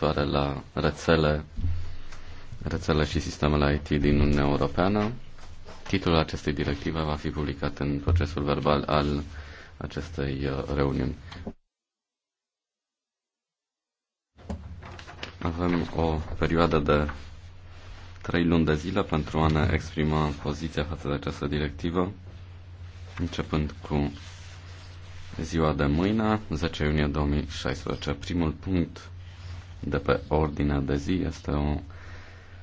referitoare la rețele, rețele și sistemele IT din Uniunea Europeană. Titlul acestei directive va fi publicat în procesul verbal al acestei uh, reuniuni. Avem o perioadă de trei luni de zile pentru a ne exprima poziția față de această directivă, începând cu ziua de mâine, 10 iunie 2016. Primul punct de pe ordinea de zi este o